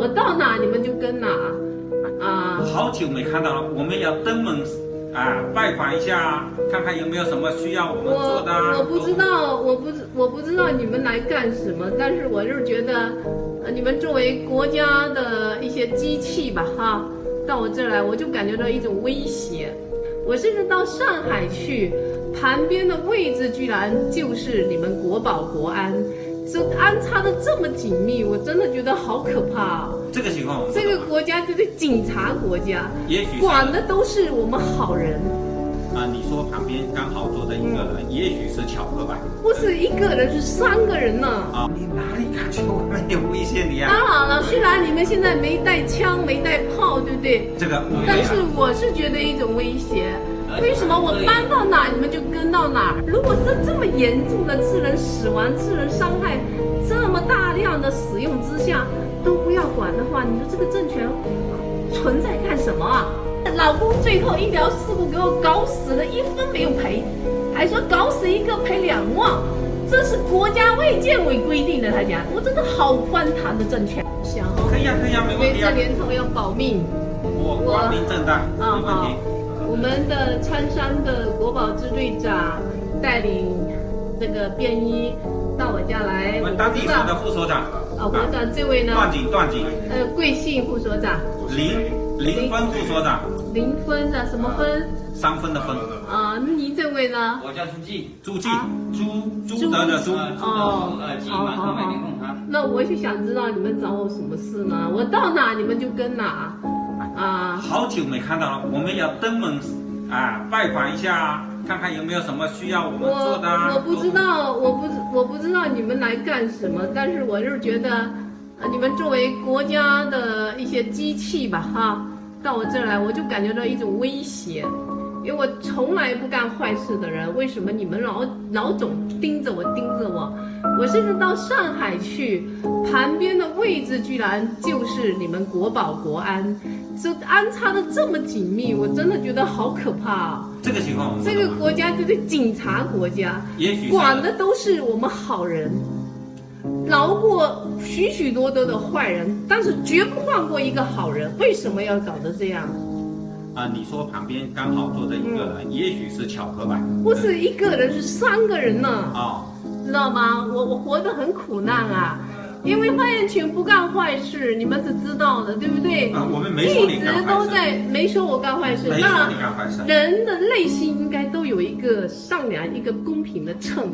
我到哪你們就跟哪，啊！好久沒看到了，我們要登門，啊、呃，拜訪一下，看看有沒有什麼需要我們做的。我，我不知道，oh, 我不，我不知道你們來幹什麼，嗯、但是我就是覺得，呃，你們作為國家的一些機器吧，哈，到我這兒來，我就感覺到一種威脅。我甚至到上海去，嗯、旁邊的位置居然就是你們國保國安。這安插的這麼緊密，我真的覺得好可怕啊。這個情況啊，這個國家就是警察國家，也許管的都是我們好人。啊、呃，你說旁邊剛好坐着一個人，嗯、也許是巧合吧。不是一個人，是三個人呢、啊。啊，你哪裡感覺我們有威脅你啊？當然了，雖然你們現在沒帶槍，沒帶炮，對不對？這個。嗯、但是我是覺得一種威脅。嗯、為什麼我搬到哪、嗯、你們就跟到哪？嗯嗯、如果是這，這麼嚴重的致人死亡、致人傷害，這麼大量的使用之下都不要管的話，你說這個政權、嗯、存在幹什麼啊？老公，最後醫療事故給我搞。可能一分沒有賠，還說搞死一個賠兩萬，這是國家衛健委規定的。他講，我真的好荒唐的政權。可、okay, okay , okay, 以啊，可以啊，沒問題。這年頭要保命。我我光明我正大，我嗯、沒問題。我們的川山的國寶支隊長帶領。這個便衣到我家來，我們當地的副所長。啊，所長，這位呢？段警，段警。呃，貴姓？副所長。林林分副所長。林分的什麼分？三分的分。啊，那您這位呢？我叫朱記，朱記，朱朱德的朱。哦，好好好。那我就想知道你們找我什麼事呢？我到哪你們就跟哪，啊。好久沒看到了，我們要登門啊，拜訪一下，看看有沒有什麼需要我們做的啊。我，我不知道，我不我不知道你們來幹什麼，但是我就是覺得，呃，你們作為國家的一些機器吧，哈，到我這兒來，我就感覺到一種威脅。因為我從來不幹壞事的人，為什麼你們老老總盯着我，盯着我？我甚至到上海去，旁邊的位置居然就是你們國保國安，這安插的這麼緊密，我真的覺得好可怕啊。這個情況，這個國家就是警察國家，也許管的都是我們好人，饒過許許多多的壞人，但是絕不放過一個好人。為什麼要搞得這樣？啊、呃，你說旁邊剛好坐着一個人，嗯、也許是巧合吧。不是一個人，是三個人呢。啊，哦、知道嗎？我我活得很苦難啊。嗯因為范艷群不幹壞事，你們是知道的，對不對？啊，我們沒說你幹壞事，一直都在沒說我幹壞事。那然人的內心應該都有一個善良、一個公平的秤。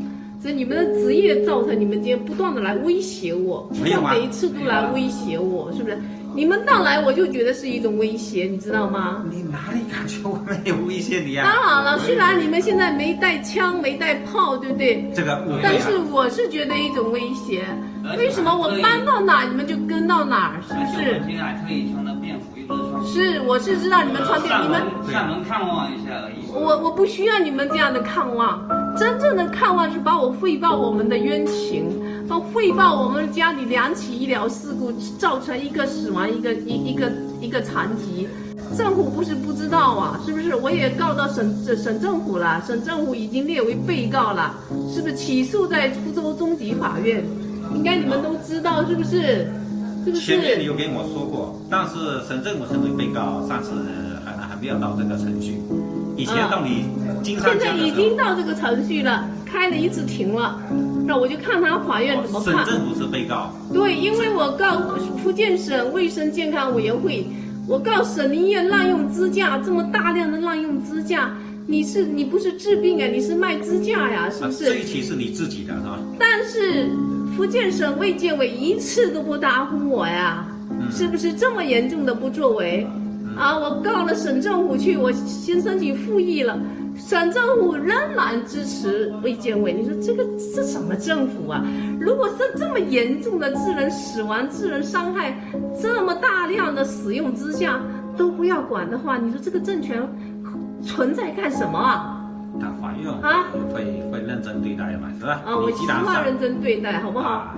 你們的職業造成你們今天不斷的來威脅我，你們每一次都來威脅我，是不是？你們到來我就覺得是一種威脅，你知道嗎？你哪裡感覺我沒有威脅你啊？當然了，雖然你們現在沒帶槍沒帶炮，對不對？這個但是我是覺得一種威脅，為什麼我搬到哪你們就跟到哪，是不是？便服，一穿。是，我是知道你們穿的。你們上門看望一下而已。我我不需要你們這樣的看望。真正的看望是把我匯報我們的冤情，把匯報我們家裡兩起醫療事故造成一個死亡，一個一一個一個，一個殘疾，政府不是不知道啊，是不是？我也告到省省省政府了，省政府已經列為被告了，是不是起訴在福州中級法院？應該你們都知道，是不是？這個，前面你有跟我說過，但是省政府成為被告，上訴調到這個程序，以前到你經、哦。現在已經到這個程序了，開了一次庭了，嗯、那我就看他法院怎麼判。省政府是被告。對，因為我告福建省衛生健康委員會，是我告省立醫院濫用支架，這麼大量的濫用支架，你是你不是治病啊？你是賣支架呀，啊？是不是、呃？這一期是你自己的是吧？但是福建省衛健委一次都不答復我呀，嗯、是不是這麼嚴重的不作為？嗯啊！我告了省政府去，我先申請復議了，省政府仍然支持衛健委。你說這個是什麼政府啊？如果是這麼嚴重的致人死亡、致人傷害，這麼大量的使用之下都不要管的話，你說這個政權存在幹什麼、嗯、啊？他懷孕啊，會會認真對待嘛，是吧？啊，我希望認真對待，好不好？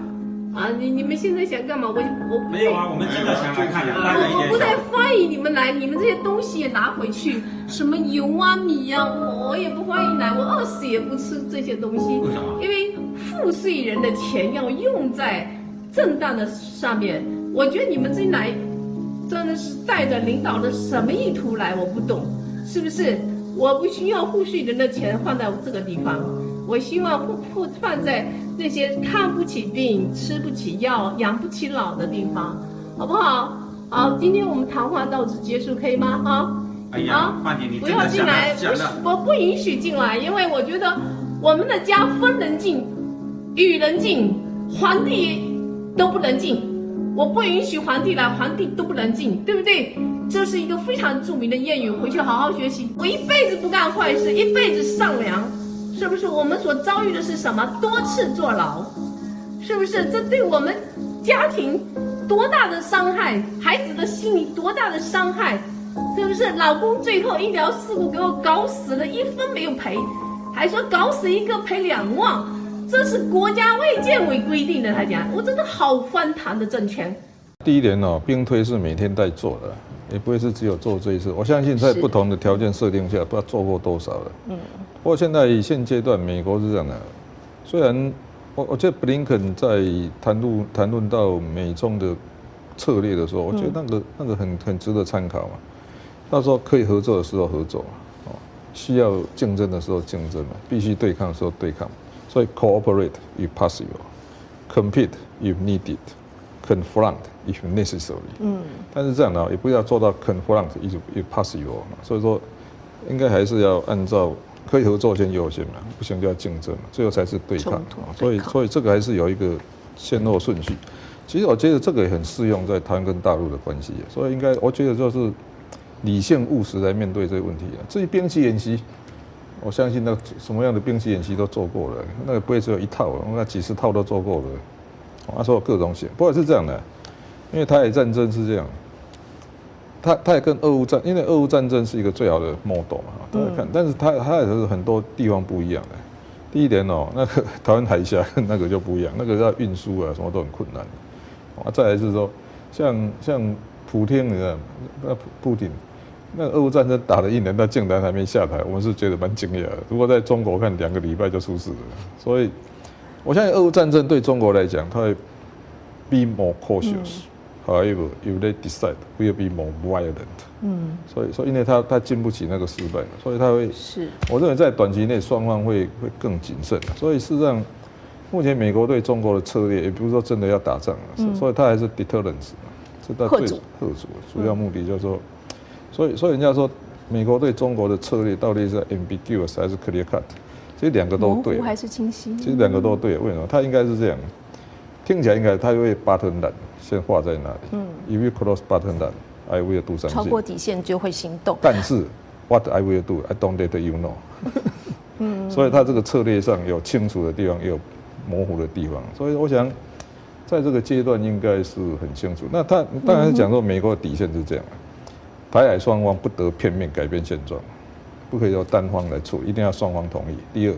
啊，你你們現在想幹嘛？我我沒有啊，我們真的想來看、就是、一下。我我不太歡迎你們來，你們這些東西也拿回去，什麼油啊米呀、啊，我也不歡迎來，我餓死也不吃這些東西。為什麼？因為賦稅人的錢要用在正當的上面。我覺得你們這來，真的是帶着領導的什麼意圖來，我不懂，是不是？我不需要賦稅人的錢放在這個地方。我希望不不放在那些看不起病、吃不起藥、養不起老的地方，好不好？好、啊，今天我們談話到此結束，可以嗎？啊，哎呀，大不、啊、要，要，要進來不，我不允許進來，因為我覺得我們的家風能進，雨能進，皇帝都不能進，我不允許皇帝來，皇帝都不能進，對不對？這是一個非常著名的諺語，回去好好學習。我一輩子不幹壞事，一輩子善良。是不是我們所遭遇的是什麼？多次坐牢，是不是？這對我們家庭多大的傷害？孩子的心理多大的傷害？是不是？老公最後醫療事故給我搞死了，一分沒有賠，還說搞死一個賠兩萬，這是國家衛健委規定的。他講，我真的好荒唐的政權。第一點哦、喔，兵推是每天在做的，也不會是只有做這一次。我相信在不同的條件設定下，是不知道做過多少了。嗯。不過現在現階段，美國是這樣的、啊。雖然我我覺得布林肯在談論談論到美中的策略的時候，我覺得那個那個很很值得參考嘛。到時候可以合作的時候合作嘛，需要競爭的時候競爭嘛，必須對抗的時候對抗。所以 cooperate if possible，compete if needed，confront if necessary。嗯。但是這樣呢、啊，也不要做到 confront if if possible。所以說，應該還是要按照。可以合作先，就先嘛，不行就要競爭嘛，最後才是對抗。對抗所以，所以這個還是有一個先後順序。其實我覺得這個也很適用在台灣跟大陸的關係、啊，所以應該我覺得就是理性務實來面對這個問題啊。至於兵棋演習，我相信那什麼樣的兵棋演習都做過了、啊，那個不會只有一套、啊，那幾十套都做過了啊，啊，所有各種險，不過是這樣的，因為台海戰爭是這樣。他它，它也跟俄烏戰爭，因為俄烏戰爭是一個最好的 model 啊，大家看，但是他它，它也是很多地方不一樣的。第一點哦、喔，那個台灣海峽那個就不一樣，那個要運輸啊，什麼都很困難。啊，再來是說，像像普丁人啊，那普普丁，那俄烏戰爭打了一年，到今天還沒下台，我們是覺得蠻驚訝的。如果在中國看，兩個禮拜就出事了。所以我相信俄烏戰爭對中國來講，他會 be more cautious。嗯 you are ready decide 啊、嗯，如果如果他們決定，會變得更暴力。嗯，所以說，因為他他經不起那個失敗，所以他會。是。我認為在短期內，雙方會會更謹慎。所以事實上，目前美國對中國的策略，也不是說真的要打仗，嗯、所以他還是 deterrence，這它最嚇阻，嚇阻，主要目的就是說，所以所以人家說，美國對中國的策略到底是 ambiguous 還是 clear cut，其實兩個都對，其實兩個都對，為什麼？他應該是這樣。聽起來應該他會 bottom line 先畫在哪裡？嗯，If you cross bottom line，I will do something。超過底線就會行動。但是 What I will do, I don't let you know。 嗯，所以他這個策略上有清楚的地方，也有模糊的地方。所以我想，在這個階段應該是很清楚。那他當然是講到美國的底線是這樣：台海雙方不得片面改變現狀，不可以由單方來處，一定要雙方同意。第二，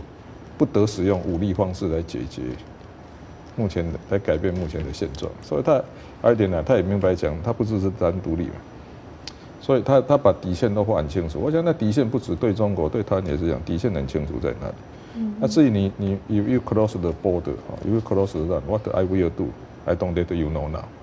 不得使用武力方式來解決。目前才改變目前的現狀，所以他，二點呢，他也明白講，他不支持台灣獨立嘛，所以他他把底線都畫很清楚。我想那底線不止對中國，對他也是這樣，底線很清楚在哪裡。那、嗯、哼至於你你、if、you you cross the border you cross that what I will do, I don't let you know now.